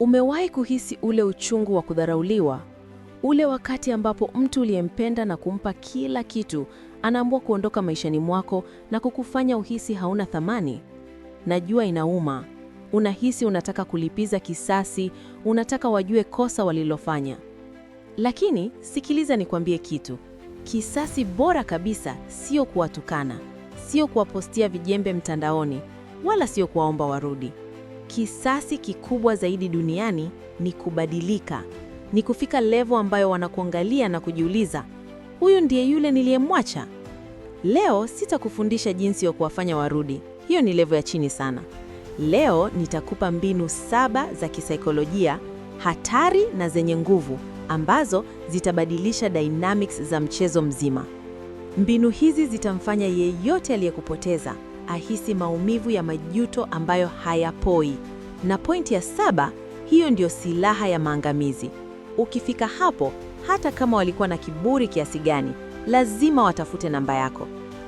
Umewahi kuhisi ule uchungu wa kudharauliwa? Ule wakati ambapo mtu uliyempenda na kumpa kila kitu anaamua kuondoka maishani mwako na kukufanya uhisi hauna thamani. Najua inauma. Unahisi unataka kulipiza kisasi, unataka wajue kosa walilofanya. Lakini sikiliza nikwambie kitu. Kisasi bora kabisa sio kuwatukana, sio kuwapostia vijembe mtandaoni, wala sio kuwaomba warudi. Kisasi kikubwa zaidi duniani ni kubadilika, ni kufika levo ambayo wanakuangalia na kujiuliza, huyu ndiye yule niliyemwacha. Leo sitakufundisha jinsi ya kuwafanya warudi, hiyo ni levo ya chini sana. Leo nitakupa mbinu saba za kisaikolojia hatari na zenye nguvu ambazo zitabadilisha dynamics za mchezo mzima. Mbinu hizi zitamfanya yeyote aliyekupoteza ahisi maumivu ya majuto ambayo hayapoi. Na pointi ya saba, hiyo ndiyo silaha ya maangamizi. Ukifika hapo, hata kama walikuwa na kiburi kiasi gani, lazima watafute namba yako.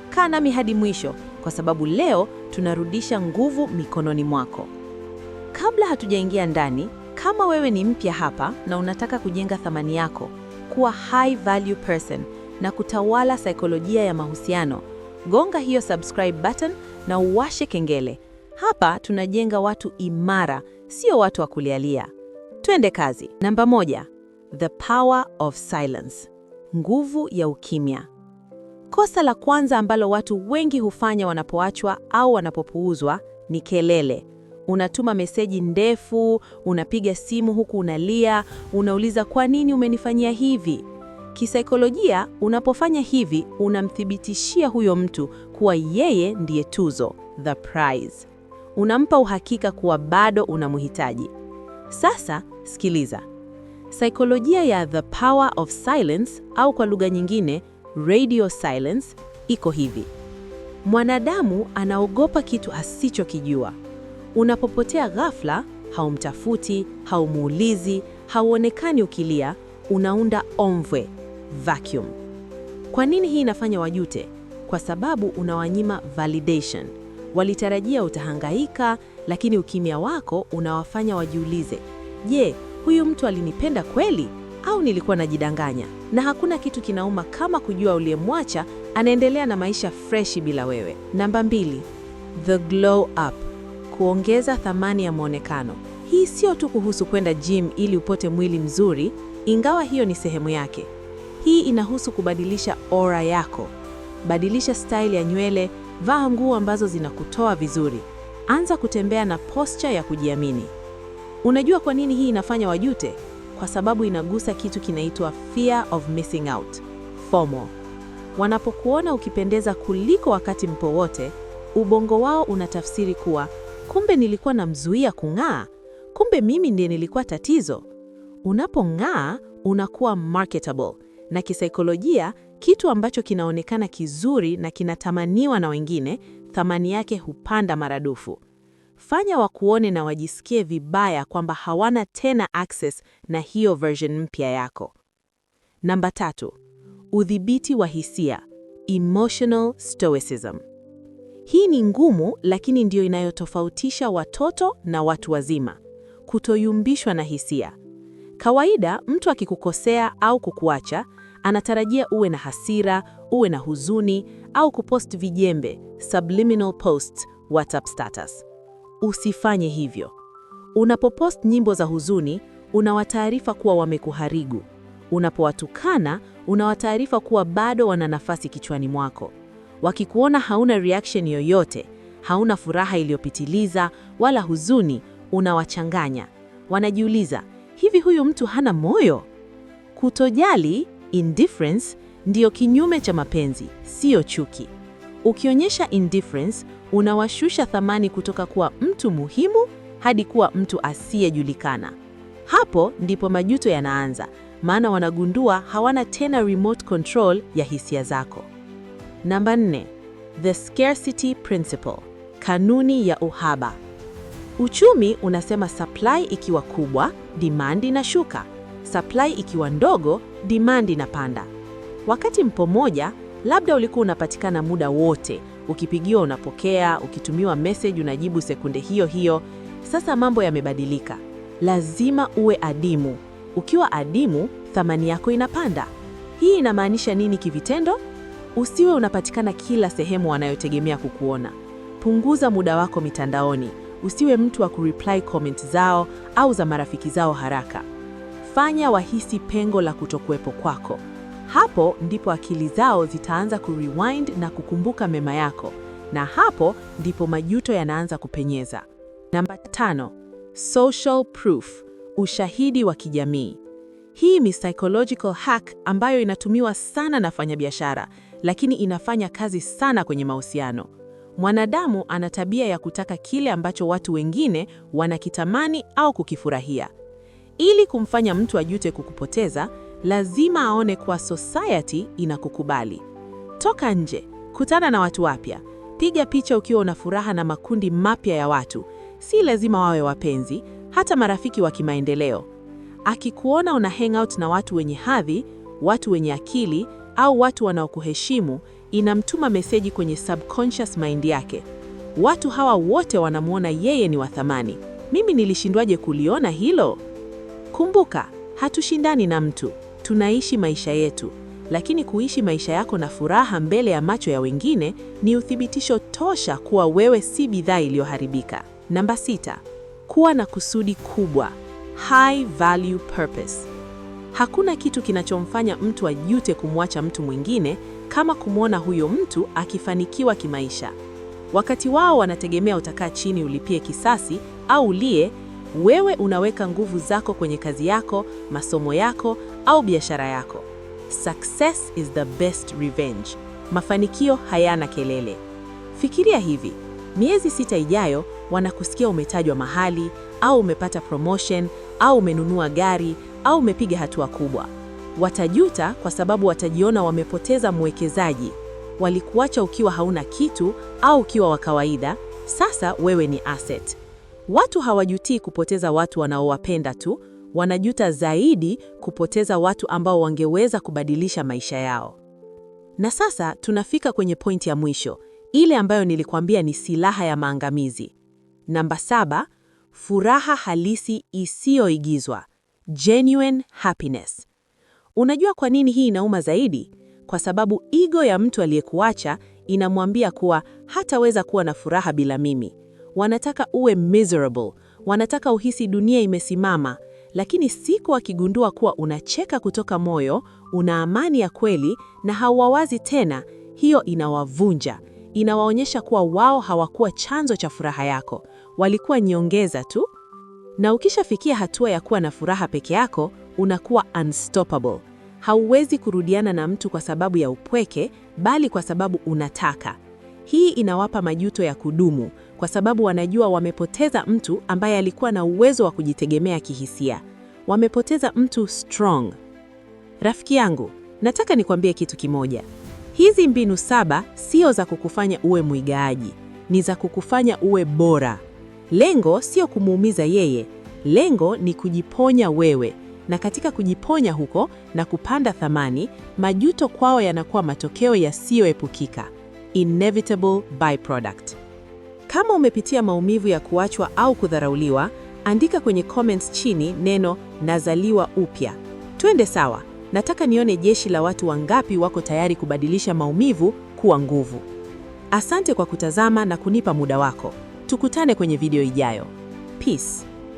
Kaa nami hadi mwisho, kwa sababu leo tunarudisha nguvu mikononi mwako. Kabla hatujaingia ndani, kama wewe ni mpya hapa na unataka kujenga thamani yako, kuwa high value person na kutawala saikolojia ya mahusiano gonga hiyo subscribe button na uwashe kengele. Hapa tunajenga watu imara, sio watu wa kulialia. Twende kazi. Namba moja, the power of silence, nguvu ya ukimya. Kosa la kwanza ambalo watu wengi hufanya wanapoachwa au wanapopuuzwa ni kelele. Unatuma meseji ndefu, unapiga simu huku unalia, unauliza kwa nini umenifanyia hivi? Kisaikolojia, unapofanya hivi, unamthibitishia huyo mtu kuwa yeye ndiye tuzo, the prize. Unampa uhakika kuwa bado unamhitaji. Sasa sikiliza. Saikolojia ya the power of silence au kwa lugha nyingine radio silence iko hivi. Mwanadamu anaogopa kitu asichokijua. Unapopotea ghafla, haumtafuti, haumuulizi, hauonekani ukilia, unaunda omvwe, vacuum. Kwa nini hii inafanya wajute? Kwa sababu unawanyima validation. Walitarajia utahangaika, lakini ukimya wako unawafanya wajiulize, je, huyu mtu alinipenda kweli au nilikuwa najidanganya? Na hakuna kitu kinauma kama kujua uliyemwacha anaendelea na maisha freshi bila wewe. Namba mbili, the glow up, kuongeza thamani ya mwonekano. Hii sio tu kuhusu kwenda gym ili upote mwili mzuri, ingawa hiyo ni sehemu yake. Hii inahusu kubadilisha aura yako. Badilisha style ya nywele, vaa nguo ambazo zinakutoa vizuri, anza kutembea na posture ya kujiamini. Unajua kwa nini hii inafanya wajute? Kwa sababu inagusa kitu kinaitwa fear of missing out, FOMO. Wanapokuona ukipendeza kuliko wakati mpo wote, ubongo wao unatafsiri kuwa kumbe nilikuwa namzuia kung'aa, kumbe mimi ndiye nilikuwa tatizo. Unapong'aa unakuwa marketable, na kisaikolojia, kitu ambacho kinaonekana kizuri na kinatamaniwa na wengine, thamani yake hupanda maradufu. Fanya wakuone na wajisikie vibaya kwamba hawana tena access na hiyo version mpya yako. Namba tatu, udhibiti wa hisia, emotional stoicism. Hii ni ngumu, lakini ndiyo inayotofautisha watoto na watu wazima. Kutoyumbishwa na hisia. Kawaida, mtu akikukosea au kukuacha Anatarajia uwe na hasira, uwe na huzuni au kupost vijembe, subliminal posts, WhatsApp status. Usifanye hivyo. Unapopost nyimbo za huzuni, unawataarifa kuwa wamekuharigu. Unapowatukana, unawataarifa kuwa bado wana nafasi kichwani mwako. Wakikuona hauna reaction yoyote, hauna furaha iliyopitiliza wala huzuni, unawachanganya. Wanajiuliza, hivi huyu mtu hana moyo? Kutojali Indifference ndiyo kinyume cha mapenzi, siyo chuki. Ukionyesha indifference, unawashusha thamani kutoka kuwa mtu muhimu hadi kuwa mtu asiyejulikana. Hapo ndipo majuto yanaanza, maana wanagundua hawana tena remote control ya hisia zako. Namba nne, the scarcity principle, kanuni ya uhaba. Uchumi unasema supply ikiwa kubwa, demand inashuka. Supply ikiwa ndogo, dimandi inapanda. Wakati mpo moja labda ulikuwa unapatikana muda wote, ukipigiwa unapokea, ukitumiwa message unajibu sekunde hiyo hiyo. Sasa mambo yamebadilika, lazima uwe adimu. Ukiwa adimu, thamani yako inapanda. Hii inamaanisha nini kivitendo? Usiwe unapatikana kila sehemu wanayotegemea kukuona. Punguza muda wako mitandaoni. Usiwe mtu wa kureply comment zao au za marafiki zao haraka kuwafanya wahisi pengo la kutokuwepo kwako. Hapo ndipo akili zao zitaanza kurewind na kukumbuka mema yako, na hapo ndipo majuto yanaanza kupenyeza. Namba tano, social proof, ushahidi wa kijamii. Hii ni psychological hack ambayo inatumiwa sana na fanyabiashara lakini inafanya kazi sana kwenye mahusiano. Mwanadamu ana tabia ya kutaka kile ambacho watu wengine wanakitamani au kukifurahia. Ili kumfanya mtu ajute kukupoteza, lazima aone kuwa society inakukubali. Toka nje, kutana na watu wapya, piga picha ukiwa una furaha na makundi mapya ya watu. Si lazima wawe wapenzi, hata marafiki wa kimaendeleo. Akikuona una hangout na watu wenye hadhi, watu wenye akili au watu wanaokuheshimu, inamtuma meseji kwenye subconscious mind yake. Watu hawa wote wanamwona yeye ni wa thamani. Mimi nilishindwaje kuliona hilo? Kumbuka, hatushindani na mtu, tunaishi maisha yetu. Lakini kuishi maisha yako na furaha mbele ya macho ya wengine ni uthibitisho tosha kuwa wewe si bidhaa iliyoharibika. Namba sita, kuwa na kusudi kubwa, high value purpose. Hakuna kitu kinachomfanya mtu ajute kumwacha mtu mwingine kama kumwona huyo mtu akifanikiwa kimaisha. Wakati wao wanategemea utakaa chini ulipie kisasi au ulie, wewe unaweka nguvu zako kwenye kazi yako, masomo yako au biashara yako. Success is the best revenge. Mafanikio hayana kelele. Fikiria hivi, miezi sita ijayo wanakusikia umetajwa mahali au umepata promotion au umenunua gari au umepiga hatua kubwa. Watajuta kwa sababu watajiona wamepoteza mwekezaji. Walikuacha ukiwa hauna kitu au ukiwa wa kawaida. Sasa wewe ni asset. Watu hawajutii kupoteza watu wanaowapenda tu, wanajuta zaidi kupoteza watu ambao wangeweza kubadilisha maisha yao. Na sasa tunafika kwenye pointi ya mwisho, ile ambayo nilikwambia ni silaha ya maangamizi. Namba saba, furaha halisi isiyoigizwa, genuine happiness. Unajua kwa nini hii inauma zaidi? Kwa sababu ego ya mtu aliyekuacha inamwambia kuwa hataweza kuwa na furaha bila mimi. Wanataka uwe miserable, wanataka uhisi dunia imesimama, lakini siku akigundua kuwa unacheka kutoka moyo, una amani ya kweli na hauwawazi tena, hiyo inawavunja. Inawaonyesha kuwa wao hawakuwa chanzo cha furaha yako, walikuwa nyongeza tu. Na ukishafikia hatua ya kuwa na furaha peke yako, unakuwa unstoppable. Hauwezi kurudiana na mtu kwa sababu ya upweke, bali kwa sababu unataka. Hii inawapa majuto ya kudumu, kwa sababu wanajua wamepoteza mtu ambaye alikuwa na uwezo wa kujitegemea kihisia. Wamepoteza mtu strong. Rafiki yangu, nataka nikwambie kitu kimoja. Hizi mbinu saba sio za kukufanya uwe mwigaaji, ni za kukufanya uwe bora. Lengo sio kumuumiza yeye, lengo ni kujiponya wewe, na katika kujiponya huko na kupanda thamani, majuto kwao yanakuwa matokeo yasiyoepukika, inevitable byproduct. Kama umepitia maumivu ya kuachwa au kudharauliwa, andika kwenye comments chini neno nazaliwa upya. Twende sawa. Nataka nione jeshi la watu wangapi wako tayari kubadilisha maumivu kuwa nguvu. Asante kwa kutazama na kunipa muda wako. Tukutane kwenye video ijayo. Peace.